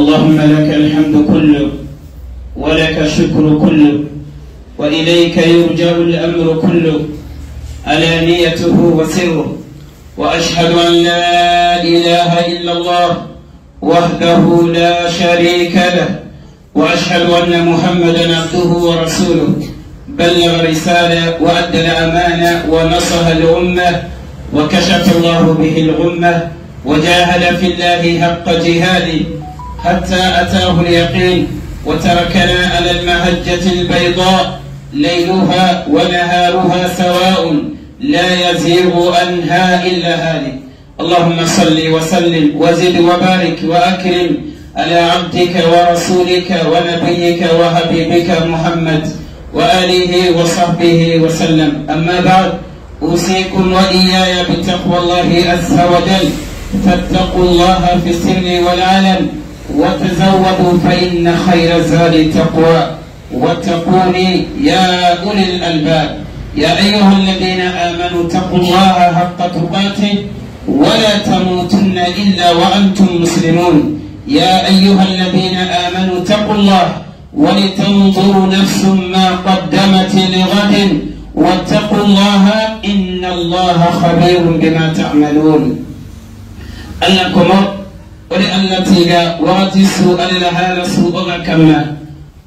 اللهم لك الحمد كله ولك الشكر كله وإليك يرجع الأمر كله ألانيته وسره وأشهد أن لا إله إلا الله وحده لا شريك له وأشهد أن محمدا عبده ورسوله بلغ رسالة وأدى الأمانة ونصح الأمة وكشف الله به الغمة وجاهد في الله حق جهاده حتى أتاه اليقين وتركنا على المهجة البيضاء ليلها ونهارها سواء لا يزيغ عنها إلا هالك اللهم صل وسلم وزد وبارك وأكرم على عبدك ورسولك ونبيك وحبيبك محمد وآله وصحبه وسلم أما بعد أوصيكم وإياي بتقوى الله عز وجل فاتقوا الله في السر والعلن وتزودوا فإن خير الزاد التقوى واتقوني يا أولي الألباب يا أيها الذين آمنوا اتقوا الله حق تقاته ولا تموتن إلا وأنتم مسلمون يا أيها الذين آمنوا اتقوا الله ولتنظر نفس ما قدمت لغد واتقوا الله إن الله خبير بما تعملون أنكم ore allah tiga wakati su alila hala su oga kamma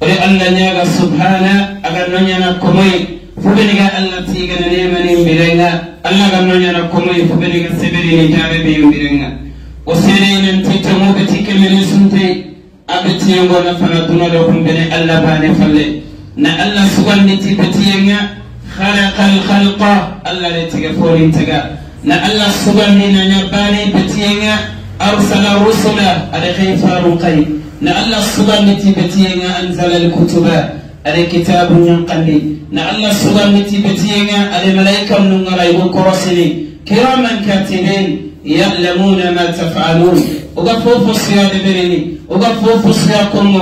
ore allah ñaga subhana aga noñana komoy fubeniga allah tigana nemani mbirenga allah ga noñana komoy fubeniga seberini tawe be mbirenga o serenanti tamoɓe ti kemeni sunte aɓe tiyengona fana dunale kumbene allah bane falle na allah suganditi betiyenga خلق الخلق الله لتيغا فورين تيغا نا الله سبحانه نيا باني بتيغا أرسل رسلا على فاروقي نعلى نعل الصدمة بتين أنزل الكتب على كتاب ينقلي نعل الصدمة بتين على ملايكا من غريب كرسني كراما كاتبين يعلمون ما تفعلون وقفوف الصياد برني الصياد الصياكم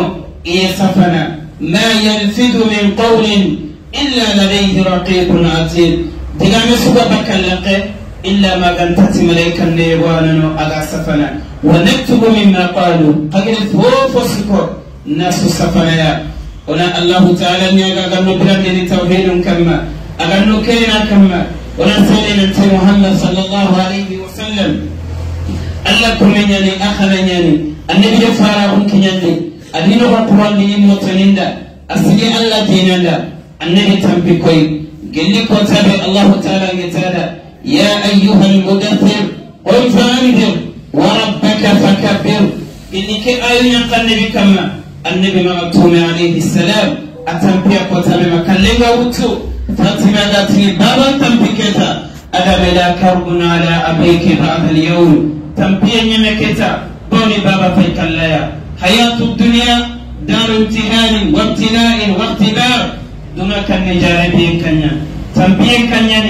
إيسفنا ما يلفظ من قول إلا لديه رقيب عتيد دينا مسوى بكالقي إلا ما قنتت ملائكة نيوانا أغاسفنا ونكتب مما قالوا قبل ثوف سكر ناس سفنا ونا الله تعالى نيغا قالوا بلاد توحيد كما أغنو كينا كما ونا سيدنا محمد صلى الله عليه وسلم الله كمينياني أخلينياني النبي فارغون كينياني أدينو قرآن دين متنيندا أسجي الله دينيندا النبي تنبي كوي قل لي كتاب الله تعالى يتعالى يا أيها المدثر قل فأنذر وربك فكبر إنك أين النبي كما النبي مكتوم عليه السلام أتنبيا قتل مكلمة وتو فاطمة ذات بابا تنبيكتا ألا بلا كرب على أبيك بعد اليوم تنبيا نمكتا دوني بابا فيكلايا حياة الدنيا دار امتهان وابتلاء واختبار دونك النجارة بين كنيا تنبيا كنيا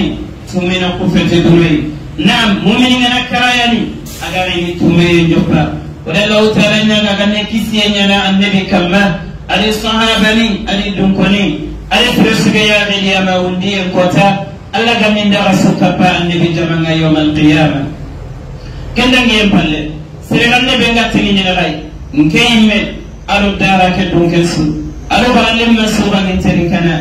tumena kufete dunoyi nam mumini ngana karayani agarini tumeye joppa wala law tara nyaga ganne kisiye nyana annabi kamma ali sahabani ali dunkoni ali firisige ya gidi ama undiye kota alla gamin daga sukapa annabi jamanga yawm alqiyama kendangi empalle sereganne benga tingi nyagai nke yimme alo dara ke dunkelsu alo baralle masuba nginteri kana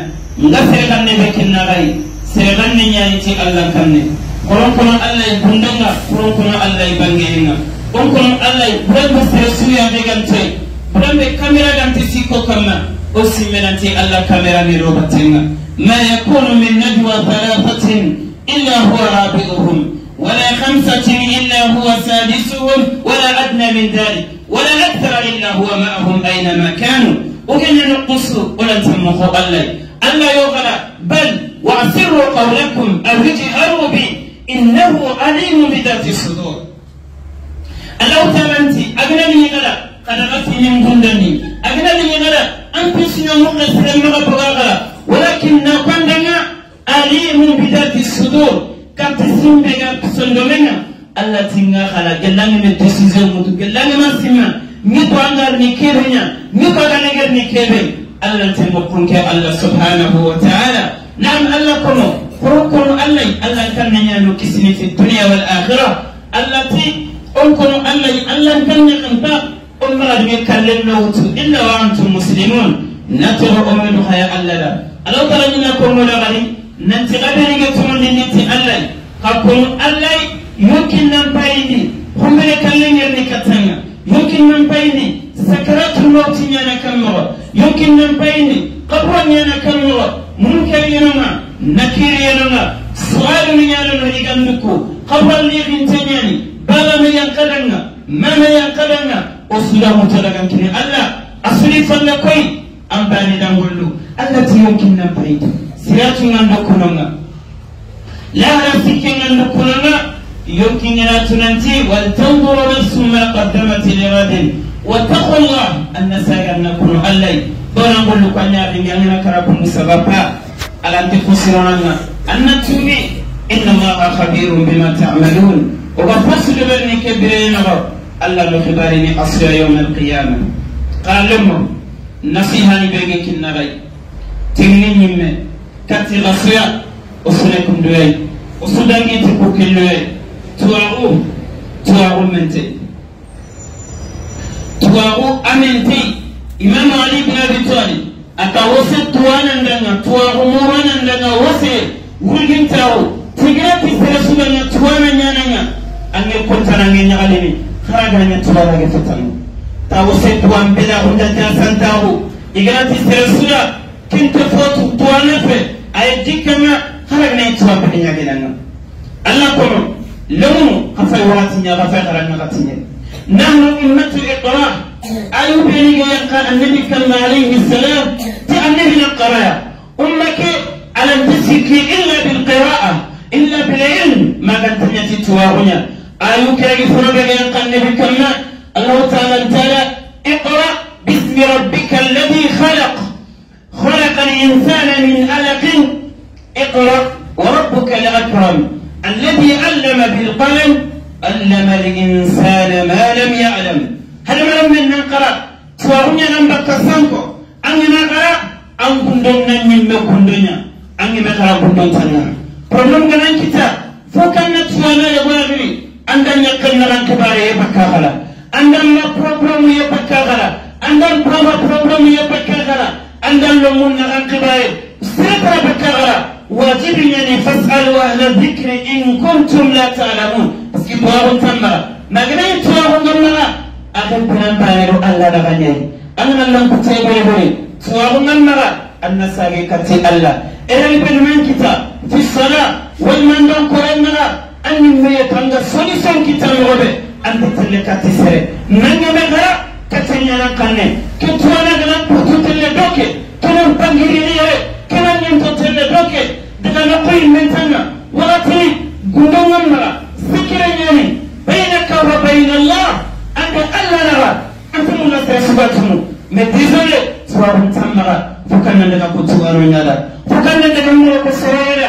nga sereganne bekinnagai seregan ne ñaayiti allah kam ne koron kono allah ye gundanga koron kono allah ye bangeyenga on kono allah ye buran be sere suyaɓe gantoy buran be caméra gante sikko kamma o simmenanti allah caméra ne robatenga ma yakunu min najwa thalathatin illa huwa rabi'uhum ولا خمسة إلا هو سادسهم ولا أدنى من ذلك ولا أكثر إلا هو معهم أينما كانوا وكان نقص ولا تمخوا الله الله يغلى بل وأسروا قولكم أو اجهروا به إنه عليم بذات الصدور الله تمنتي أغنى من غلا قد أغفي من دندني أغنى من غلا أنت سنمون سلم غبغا ولكن نقندنا عليم بذات الصدور كم تسمى سندمنا الله تنغا خلا جلاني من تسيزي ومتو جلاني ما سمع نيكو أنغار نيكيبنا نيكو أنغار نيكيبنا الله تنبقنك الله سبحانه وتعالى نعم الله كنو كركن الله الله كان يانو كسني في الدنيا والآخرة التي أنكن الله الله كان يقنطا أمر أدمي كلم نوت إلا وأنتم مسلمون نتر أمن حياء الله لا ألو ترى إنكم ملغري ننتي غدري جتمون لننتي الله كركن الله يمكن نبايني هم يكلم يرني كتنا يمكن نبايني سكرات الموت يانا كمغا يمكن نبايني قبرا يانا كمغا منكرين نكيرين صغار يالون يغنكو قبل اليقين تنياني بلا ما ينقلن ما ما ينقلن أصلا متلقن كني ألا أصلي فلكوي أم باني دنقلو ألا تيوكي نبعيد سياتي نندكونا لا نفسك نندكونا يمكن أن تنتي ولتنظر نفس ما قدمت لغد واتقوا الله أن ساقنا كل عليه donango lukanyaringe angana karakundu sabapa alante fosironanga anna tumi inna allaha khabirun bima tamalun oga fasudeberni kebireyenago allah lo hibarini asira yauma alqiyama qalemo nasihani bege kinnagay tigni ñimme kati gasuya o sune kunduyoy o sudangiti kukilloyoy tuwaku tuwaku mente tuwaku amentey imamu ali ibn abi talib aka wose tuwanandanga twaxumuranandanga wose wurgintawo tigina pisere suganga tuwana ñananga ange kontanange ñaxalini xaragaña tuwarage fetanu ta wose tuwan bela xundatña santaxu iganati sere suga kinte fotu tuwana fe aye jikkanga xaragnai tuwan pede ñagenanga alla kono lomunu xa fay waxatiña xa fay xarannaxatiñe nahnu ummatu iqra أيوب يقال النبي كما عليه السلام تأنه للقراءة أمك ألم تسك إلا بالقراءة إلا بالعلم ما قد تنتي تواهنا أيوب يقول يقال النبي كما الله تعالى تعالى اقرأ باسم ربك الذي خلق خلق الإنسان من ألق اقرأ وربك الأكرم الذي علم بالقلم علم الإنسان ما لم يعلم hadamaren men nan kara tuwaru ɲanan bakka sanko an ŋana kara an kundon nan ɲin bɛ kundonya an ŋana kara kundon tanya problem ganan kita fo kan na tuwana ya gona duri an dan yakkan naran kibare ya bakka kala an dan na problem ya bakka kala an dan prova problem ya bakka kala an dan lomun naran kibare sai ta bakka kala wajibin ya ne fasalu ahla dhikri in kuntum la ta'lamun ki babu tamma magana tuwa hungon mara akan piran bayaro Allah da ganyai an Allah ku tai bai bai tuwabu nan mara annasage kati Allah eren ben kita fi sala wal man don koren mara an me tanga soni kita yobe an tele kati sere nan yobe gara katanya nan kanne ke tuwana gara putu tele doke tunan pangiri ne yare kana nin to tele doke daga na koyi men tanga wala tani gundon mara sikire ne bayna ka wa bayna Allah አንተ ቀላናራ አንተሙ ነበር ስባትሙ መዲዞለ ስዋሩን ተመራ ፉከነ እንደና ኮቱ አሮኛላ ፉከነ እንደገሙ ከሰራላ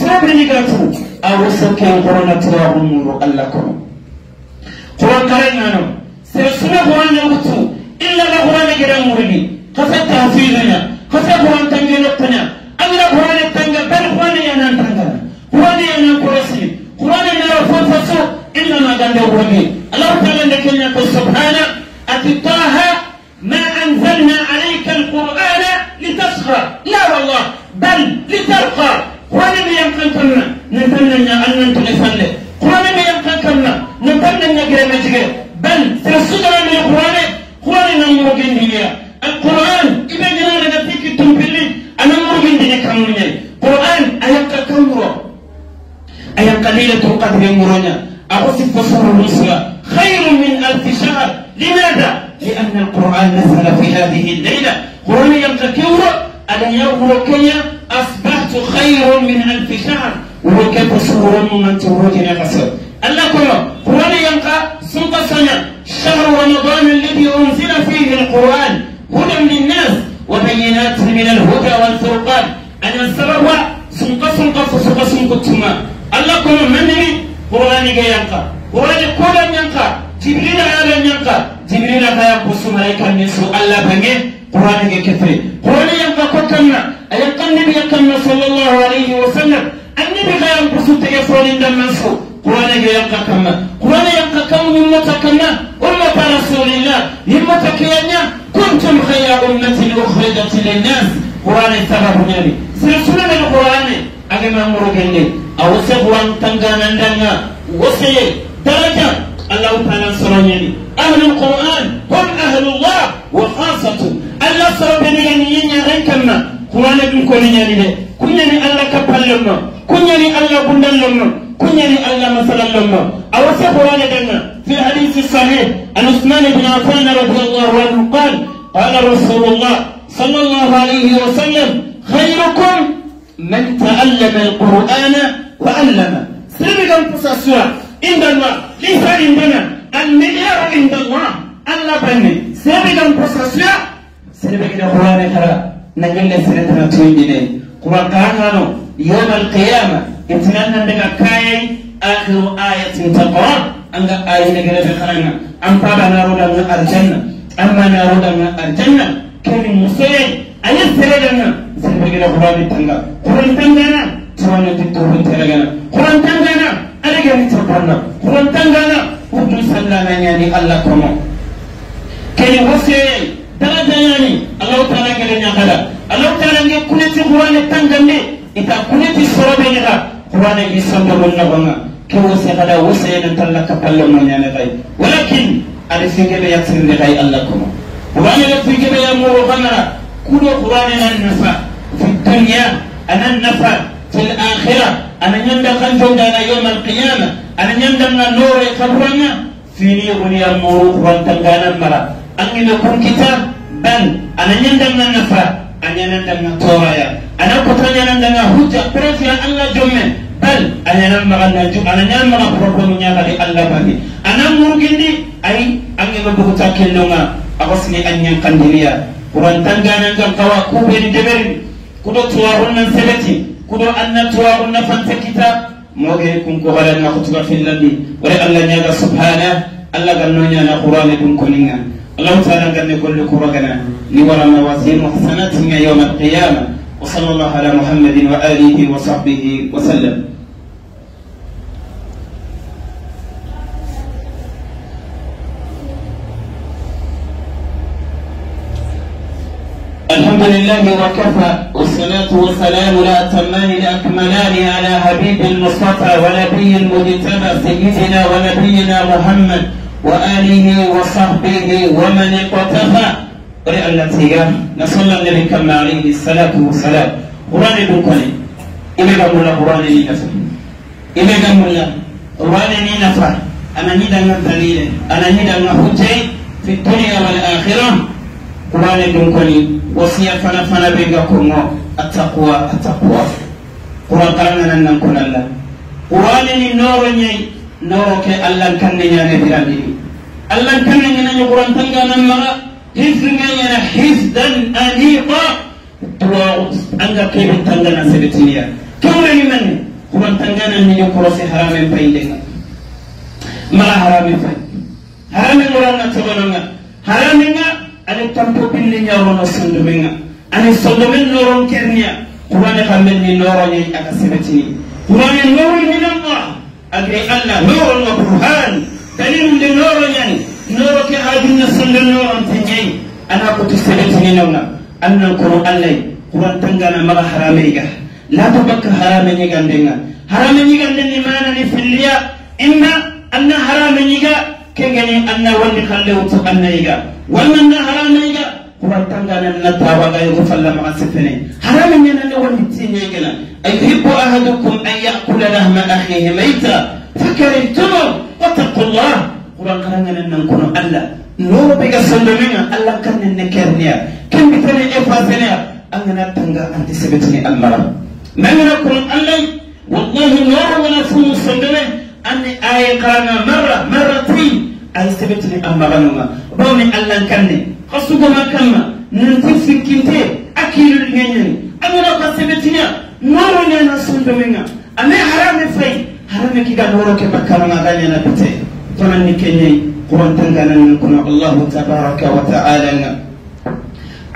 ሳብሪጋቱ አወሰከ ኮሮና ትራሩ ሙሩ አላከሩ ኮሮና ከረኛ ነው ስለሱና ኮሮና ውቱ ኢላ ለኮሮና ገረሙሪ ከፈታ ፊዘኛ ከፈታ ኮሮና ተንገለተኛ يوم من ألف شهر وكيف شهر من تروج نغسر ألا كله قرآن ينقى سنة سنة شهر رمضان الذي أنزل فيه القرآن هدى للناس وبينات من الهدى والفرقان أنا السبب سنقى سنقى سنقى سنقى تما ألا كله منني قرآن ينقى قرآن كل ينقى جبريل على ينقى جبريل على يقص ملايكا من سؤال الله بنجي قرآن ينقى قرآن ينقى قرآن ينقى أيقن نبي يقن صلى الله عليه وسلم النبي غير بسوط يصول دم منصور قرآن يقى كما قرآن يقى كم أمة كما أمة رسول الله أمة كيانيا كنتم خير أمة أخرجت للناس قرآن سبب نبي سلسلة القرآن أجمع مرغني أو سبوان تنغانا لنا وسي درجة الله تعالى سرني أهل القرآن هم أهل الله وخاصة الله سرني يعني ينيا كما kuwana dun ko ni nyani de kunyani alla kappallon ma kunyani alla bundallon ma kunyani alla masalallon ma awase kuwana danna fi hadisi sahih an usman ibn affan radiyallahu anhu qala qala rasulullah sallallahu alayhi wa sallam khayrukum من تعلم القرآن وعلمه سرقا قصصوا عند الله ليس عندنا المعيار عند الله الله بني سرقا قصصوا سرقا القرآن كرام nangille siretana toyndine kuran kaangano yowma alqiyama itinanna ndega kayay akhiru ayatin taqra anga ayinegelefe haranga an paɓa naroɗanga arjanna amma naroɗanga arjanna keni musoye aye sereɗanga serebegele kurani tanga kuran tangana tiwanati tohun teregana kuran tangana alegeni tapanna kuran tangana hudun sallana ñani allah komo keni hosoye taga dayani allah taala gele ñakada allah taala nge kuneti qur'ane tangande ita kuneti sorobe ñaka qur'ane gi sondogol nogonga ke wo sehada wo seyena talla kapalle ma ñane tay walakin ada sikebe yaksirde tay allah kono qur'ane la sikebe ya muro kanara kudo qur'ane nan nafa fi dunya anan nafa في الآخرة أنا نمدا خنجو دانا يوم القيامة أنا نمدا نوري قبرنا فيني غني المورو قرآن تنغانا مرا angina kun kita dan ananya dan nafa anyana dan toraya ana kutanya nan dan hujja prefiya Allah jomme bal anyana magana ju ananya maga problem nya kali Allah bagi ana murgindi ai angina bukuta kellonga akosni anyan kandiria kuran tangana kan kawa kubeni deberi kudo tuwarunna sebeti kudo anna tuwarunna fanta kita moge kun ko hada na khutuba fil ladhi wa alla nyaga subhana alla ganno nyana qur'ani kun kuninga اللهم تعالى قال كل كرقنا نور واسين وحسناتنا يوم القيامة وصلى الله على محمد وآله وصحبه وسلم الحمد لله وكفى والصلاة والسلام الأتمان الأكملان على حبيب المصطفى ونبي المجتمع سيدنا ونبينا محمد وآله وصحبه ومن اقتفى ولأن التيجان نصلى النبي كما عليه الصلاة والسلام قرآن بكني إلى قمنا قرآن لنفع إلى قمنا قرآن لنفع أنا نيدا من دليل أنا نيدا من حجي في الدنيا والآخرة قرآن بكني وصيا فنا فنا بينكم التقوى التقوى قرآن قرآن أن نكون الله قرآن نور نور كألا كان يا نبي allah tanangana ñogorantanganan maga hisngayana hisdan aniqa duwaxu anga keɓe tangana seɗetiniya kewreni nani kurantanganani ñokorose haramen payindenga maga haramen fay haramen goranga togonanga haramenga ane tampo binne ñawono sondomenga ane sondomen noron kerniya kurane xammen ni noroñay aga seɗetini kurane norol minallah agre allah noronga burhan كلمة نور يعني نور كي أجن صلى نور أنت جاي أنا كنت سلمت من نونا أن القرآن لي قرآن تنقل ما حرامي لا تبقى حرامي يجا ندنا حرامي يجا ندنا ما أنا نفليا إما أن حرامي يجا كنغني أن ون خلو تقن يجا ون أن حرامي يجا قرآن تنقل أن التاوى غير فلا ما أسفني حرامي يجا ندنا ون أيحب أحدكم أن يأكل لهم أخيه ميتا فكرتموا واتقوا الله قرآن قرآن نكون الله نور بك سلمنا الله كان نكرنيا كم بتني إفاتنيا أننا تنغا أنت سبتني المرا نغنا نكون الله والله نور ونفو سندنا أن اي قرآن مرة مرتين أي سبتني المرا نما بوني الله كان قصدما كما ننتفي كنتي أكيد الغنين أننا قصبتنا نور ننا سندنا أنا حرام فيه harame kiga doro ke bakkanu maganya na bite tonan ni kenye kuran tanganan kuna Allah tabaraka wa ta'ala na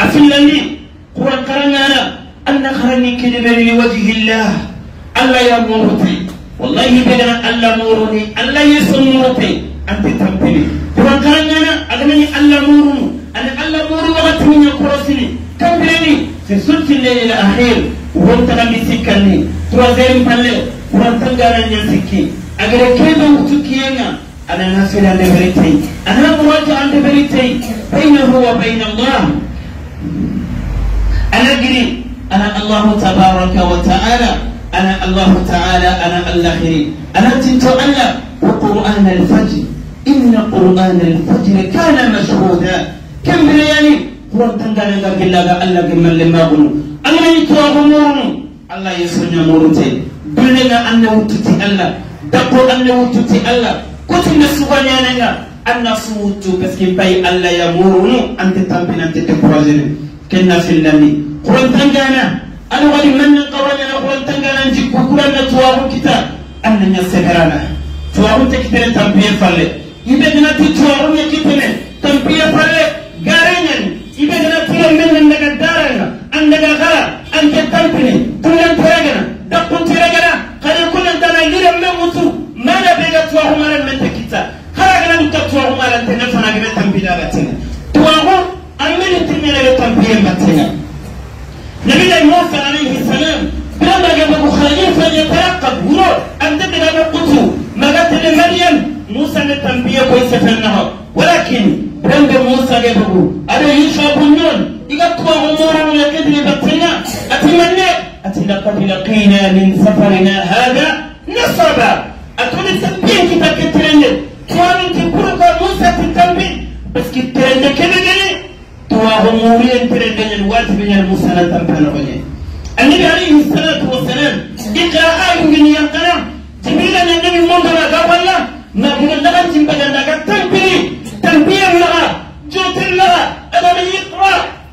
afillani kuran karangana anna kharani kidibari li wajhi Allah Allah ya muruti wallahi bedana Allah muruni Allah yasmurti anti tampili kuran karangana agamani Allah murunu an Allah muru waqti min kurasini tampili fi sulti al-layl wontana mi sikkanni troisiéme palle wontangaranya sikki agara kema utukkiyenga anana filande veritey anana muwato ande veritey bainahu wa bain allah anagiri ana allahu tabaraka wa taala ana allahu taala ana allahiri anatinto allah wa quran alfajr inna quran alfajr kana mashhuda kembireyani kuwatangane ga gillaga allah gemmalle magunu allah yitoogo murunu allah yesoña murunte dulenga anna wuttuti allah dabbo anna wuttuti allah kotinna sugañanenga anna su wuttu parce que bay allah ya murunu ante tampina ante découragene kenna fillandi kurantangana ana wali mannan qawanana kurantangana jikku kuranna tuwaru kita anna ña segarana tuwaru te kitene tampiye falle yiɓe ganati tuwaru ña kitene tampiye falle gare ibegana kulen men nan daga daranga an daga gara an ke tampini kulen tiregana dakkun tiregana kada kulen tana liren men mutu mana bega tuwa humaran men ta kita kara gana dukka tuwa humaran ta nafana gana tampina batina tuwa hu an meni timina ga tampiyen batina nabi da musa alaihi salam بلما جابه خليفة يترقب ورو أن تدري أن قتو مغتل مريم موسى نتنبيه كويس في النهار ولكن بلما موسى جابه yusra bunyan igakuba umura yakidhi batina atimanne atina qad laqina min safarina hadha nasaba atuni sabbiya kitakitirende twani kikuru kwa musa titambi baski tirende kelegele twahumuria tirende nyen wati binyan musa na tampana banyen النبي عليه الصلاة والسلام إقرأ آية من يقرأ جميلا النبي منذ لا قبل لا نبي لغة تنبغي لغة تنبغي أنا من يقرأ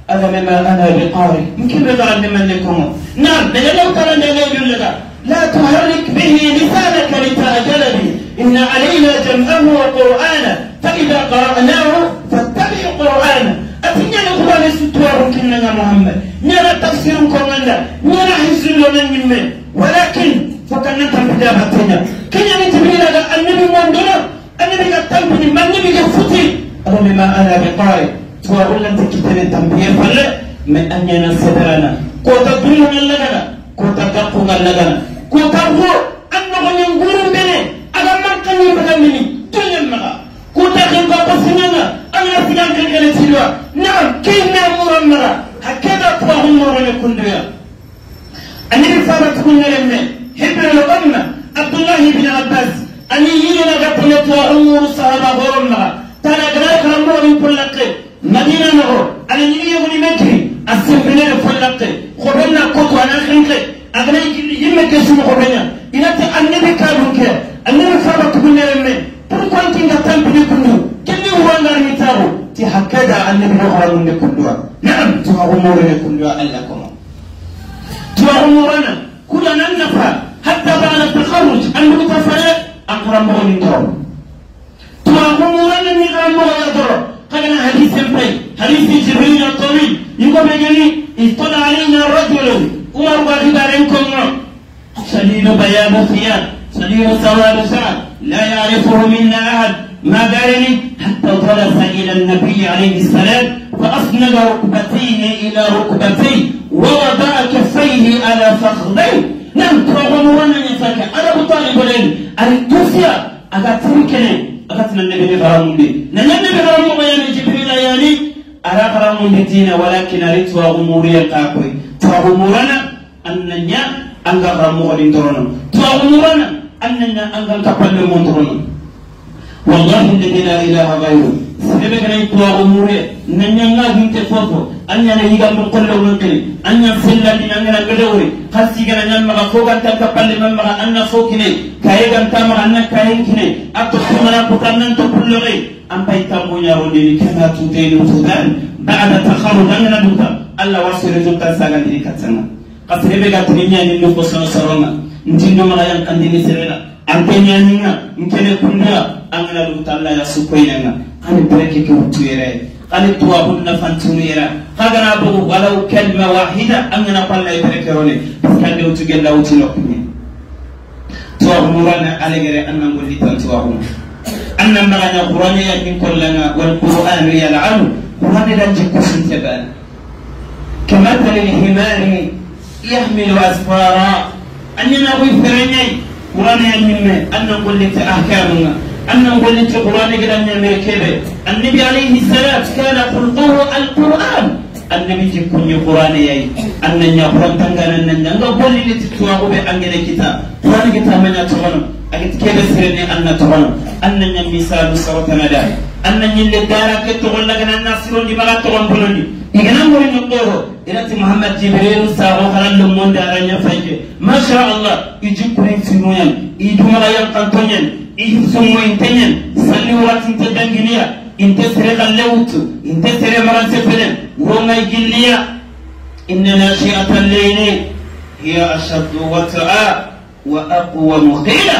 أنا مما أنا بقارئ يمكن بذرة ممن لكم نعم من لو كان لا لك لا تحرك به لسانك لتأجل به إن علينا جمعه وقرآنه فإذا قرأناه فاتبع قرآنه أتنى نقول ستوار كننا محمد نرى تفسير كمانا نرى حزن لنا من من ولكن فكنا تنبدا باتنا كنا نتبين أن النبي موندنا النبي نبي تنبني من النبي قد فتي أنا بما أنا بقارئ t u a a u l a n t i kitabe tambiye f a l e me anyana sedarana kota dunyana lagana kota g a k u n g a lagana kota fo an nogoñe n g u r u bene aga mankañe baga mini toñen maga kota x e k a b a s i n a n a anga sigan k e k e n e sidoa n a k i namuran maga ha keda t u w u n morone kunduya a n i r fara t u g u ñ e r e me hebelo ɓanna a b d u l l a h i b n abbas ani yinona g a p p n e t u u m u r sa إلى النبي عليه السلام فأسند ركبتيه إلى ركبتيه ووضع كفيه على فخذيه نعم ترغم وانا نفاك أنا بطالب لين أريتوسيا أغاتركني أغاتنا النبي غرام بي نعم النبي نعم، غرام بيان جبريل يعني أرى غرام الدين ولكن أريد وأموري القاقوي ترغمورنا أننا أنغرام غرام درنا ترغمورنا أننا أنغرام تقبل من درنا والله الذي لا إله غيره sebe gana tuwaxu mure na ñanga hinte fofo a ñana yigambe qollewnu kene a ñan fillandi nangana bedewori xa sigana ñan maxa fogantanka palle man maxa an na fo kine kaye ganta maxa an na kayen kine a toppumana puta nan toppulloxe an pay tamboñarondini kena tuteni tutan bada taxaru nangana duta allah wa seretutan sagandini katsanga xa sebe gatini ñaninni fo sono soronga ntindo maxa yankandini sebela an ke ñaninga nkene kunda angana dum talla ya su koyna nga kan breke ke wutu yere kan tuwa hunna fantunu yera kagana bugu walau kalma wahida angana palla breke role kan wutu gella wutu lokni tuwa hunna alegere annan golli tan tuwa hunna annan magana qur'ani ya min kollana wal qur'anu yal'anu qur'ani dan jikusun tabana كمثل الحمار يحمل أسفارا أننا نقول فرنين قرآن يمنى أن نقول لك أحكامنا أنه بلنت القرآن قلن المركبة النبي عليه الصلاة كان خلقه القرآن النبي جبكني قرآن يأي أنني قرآن تنغان أنني أنغا بولي لتتواه بأنغل كتاب قرآن كتاب من أتغنم أجد كيف سرني أن أتغنم أنني مثال سرطة ملاي أنني اللي دارك تغلقنا الناس لوني بغا تغنبلوني igana ngori nokoro irati muhammad jibril sago haran lo monda aranya fayke masha allah ijikuri finuyan idumara yan kantonyen ihisomo inteñen sanni wurati inte danginiya inte sere kallewutu inte sere maranse fenen wongay gilliya inna nashi'ata alleyli hiya ashaddu wata'a wa aqwamu qila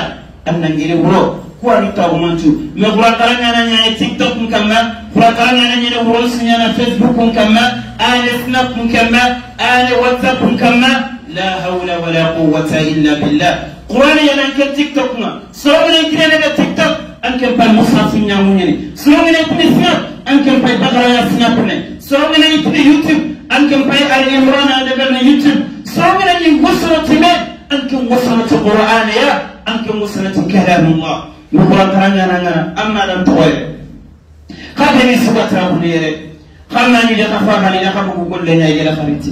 annangiri wuro kuwani tagumancu me hurakara ñana ñane tiktok n kamma hurakara ñana ñene hurosu ñana facebook n kamma ane snap n kamma ane whatsapp n kamma la hawla wala quwata illa billah qur'ana yana ken tiktok nga sorogene kirene ga tiktok anken pay mushaf ñamuñene sorogene kune fiya anken pay bagaraya fiñapune sorogene yitine youtube anken pay al imran adegana youtube sorogene ñi gosorotime anken gosoroti qur'ana ya anken gosoroti kalamullah yo qur'an karanganangana amma dan togoye xateni sugatraxuneyere xam nañu de xa faxani de xa bugu golleñaygela xariti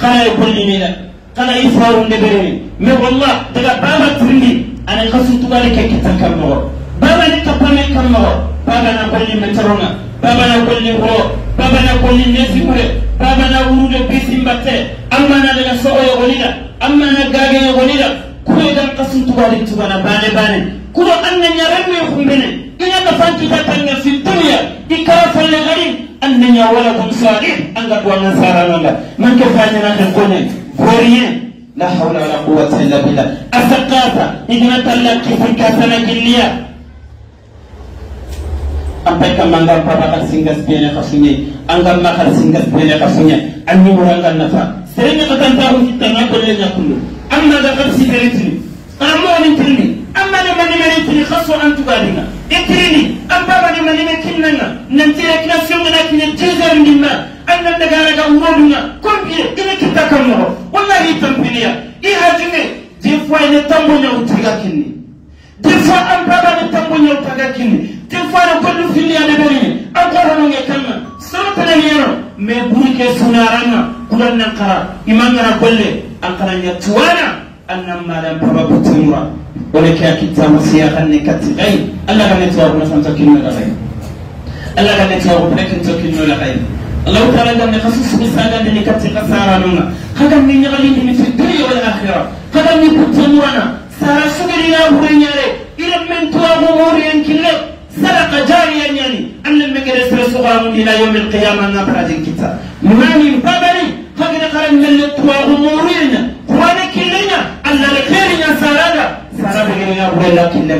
xana ye gollinila kana ifaru ndebereni me wallah daga baba tirindi ana kasu tugale ke kitan kan no baba ni kapane kan no baba na kolli metarona baba na kolli ho baba na kolli nesi pare baba na urude bisimbate amma na daga sooyo golida amma na gage golida kuwe dan kasu tugale tugana bane bane kudo anna nyaremme khumbene ina ka fantu ta tanga fi dunya ikafal gari anna nyawala kum salih anga duwa nasara nanga man ke fanya na kan konen هوريين لا حول ولا قوة إلا بالله الثقافة إذن تلاقي في كاسنا جليا أمبي كم أنغا بابا كرسينغا سبيني خسوني أنغا ما كرسينغا سبيني خسوني أني مرانغا نفا سرني قتن تاهو جتنا كل لنا كله أما ذا قرسي فريتني أما ولنتني أما لمن مريتني خصو أن تقالينا ikirini ambaba ni manime kinnanga nantira kina sunga na kina tezar an nan daga daga urodunga kombiye ina kita kamoro wallahi tampiliya i hajime jifwa ina tambo nya utiga kinni difwa ambaba ni tambo nya utaga kinni difwa na ya nebari ni bari akara nonge kanna sarata na yero me burike sunaranga kulan nan imangara kolle an kara nya tuwana أن ما لم تربط تمرة ولك كتاب سياق النكت غير الله كان يتواب نفهم تكلم الغير الله كان يتواب لكن تكلم الغير الله تعالى لم يخصص بسالة لنكت قصارا لنا قدم من يغلين في الدنيا والآخرة قدم من كتاب تمرنا سارة سبرنا هورين يلي إلى من تواب موريا كله سرق جاريا يعني أن المجلس رسول إلى يوم القيامة نبرد الكتاب ماني بابري قد قرن من التواب موريا قرانك alla le kerinya sarada sarada ni ya wela kinna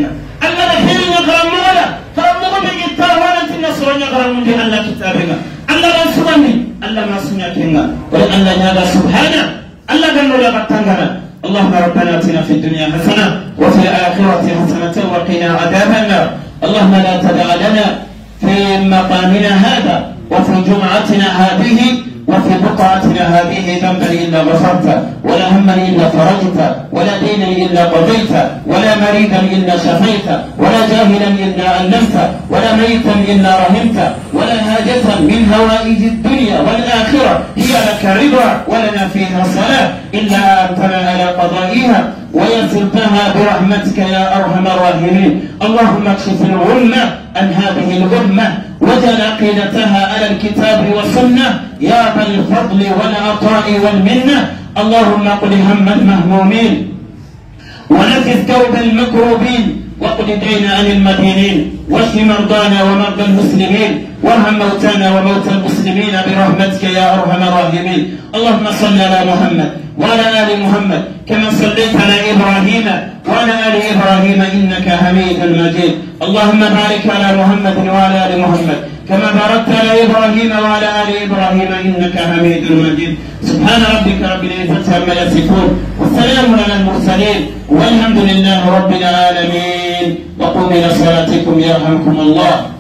alla le kerinya garamuga garamuga be gitta wala tinna soronya garamuga alla kitabenga alla la subani alla masunya kenga wala alla nyaga subhana alla ganno la batangana اللهم ربنا اتنا في الدنيا حسنه وفي الاخره حسنه وقنا عذاب النار اللهم لا تدع لنا في مقامنا هذا وفي جمعتنا هذه وفي بقعتنا هذه ذنبا إلا غفرت ولا هما إلا فرجت ولا دينا إلا قضيت ولا مريضا إلا شفيت ولا جاهلا إلا علمت ولا ميتا إلا رحمت ولا حاجة من هوائج الدنيا والآخرة هي لك رضا ولنا فيها صلاة إلا أنتنا على قضائها ويرزقها برحمتك يا أرحم الراحمين اللهم اكشف الغمة عن هذه الغمة وجل عقيدتها على الكتاب والسنة يا ذا الفضل والعطاء والمنة اللهم قل هم المهمومين ونفذ كوب المكروبين وقل دينا عن المدينين واشف مرضانا ومرضى المسلمين وارحم موتانا وموتى المسلمين برحمتك يا ارحم الراحمين اللهم صل على محمد وعلى آل محمد كما صليت على إبراهيم وعلى آل إبراهيم إنك حميد مجيد اللهم بارك على محمد وعلى آل محمد كما باركت على إبراهيم وعلى آل إبراهيم إنك حميد مجيد سبحان ربك رب العزة عما يصفون والسلام على المرسلين والحمد لله رب العالمين وقوموا إلى صلاتكم يرحمكم الله